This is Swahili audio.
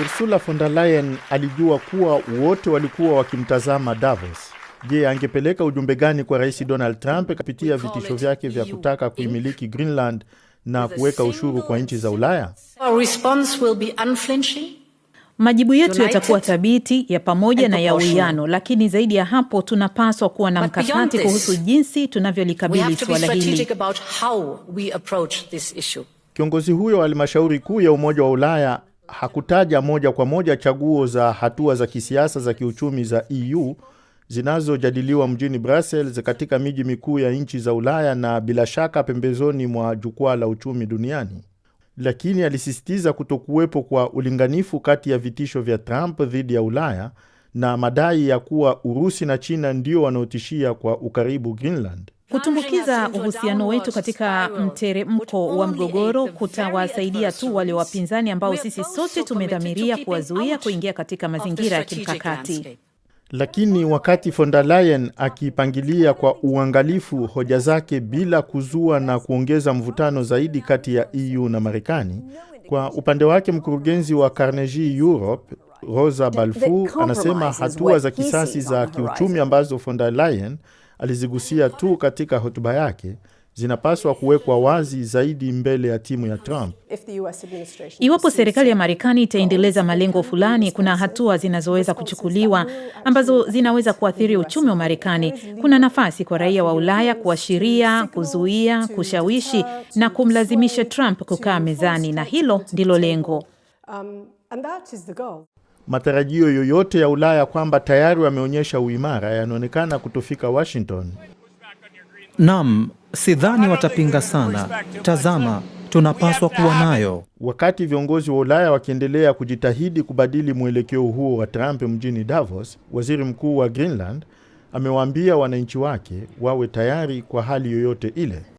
Ursula von der Leyen alijua kuwa wote walikuwa wakimtazama Davos. Je, angepeleka ujumbe gani kwa Rais Donald Trump kupitia vitisho vyake vya kutaka kuimiliki Greenland na kuweka ushuru kwa nchi za Ulaya? Majibu yetu yatakuwa thabiti, ya pamoja na ya uwiano, lakini zaidi ya hapo, tunapaswa kuwa na mkakati kuhusu jinsi tunavyolikabili suala hili. Kiongozi huyo wa halmashauri kuu ya Umoja wa Ulaya hakutaja moja kwa moja chaguo za hatua za kisiasa za kiuchumi za EU zinazojadiliwa mjini Brussels katika miji mikuu ya nchi za Ulaya na bila shaka pembezoni mwa jukwaa la uchumi duniani, lakini alisisitiza kutokuwepo kwa ulinganifu kati ya vitisho vya Trump dhidi ya Ulaya na madai ya kuwa Urusi na China ndio wanaotishia kwa ukaribu Greenland. Kutumbukiza uhusiano wetu katika mteremko wa mgogoro kutawasaidia tu wale wapinzani ambao sisi sote tumedhamiria kuwazuia kuingia katika mazingira ya kimkakati. Lakini wakati von der Leyen akipangilia kwa uangalifu hoja zake bila kuzua na kuongeza mvutano zaidi kati ya EU na Marekani, kwa upande wake mkurugenzi wa Carnegie Europe Rosa Balfour anasema hatua za kisasi za kiuchumi ambazo von der Leyen alizigusia tu katika hotuba yake zinapaswa kuwekwa wazi zaidi mbele ya timu ya Trump. Iwapo serikali ya Marekani itaendeleza malengo fulani, kuna hatua zinazoweza kuchukuliwa ambazo zinaweza kuathiri uchumi wa Marekani. Kuna nafasi kwa raia wa Ulaya kuashiria, kuzuia, kushawishi na kumlazimisha Trump kukaa mezani, na hilo ndilo lengo matarajio yoyote ya Ulaya kwamba tayari wameonyesha uimara yanaonekana kutofika Washington. Naam, sidhani watapinga sana. Tazama, tunapaswa kuwa nayo. Wakati viongozi wa Ulaya wakiendelea kujitahidi kubadili mwelekeo huo wa Trump mjini Davos, waziri mkuu wa Greenland amewaambia wananchi wake wawe tayari kwa hali yoyote ile.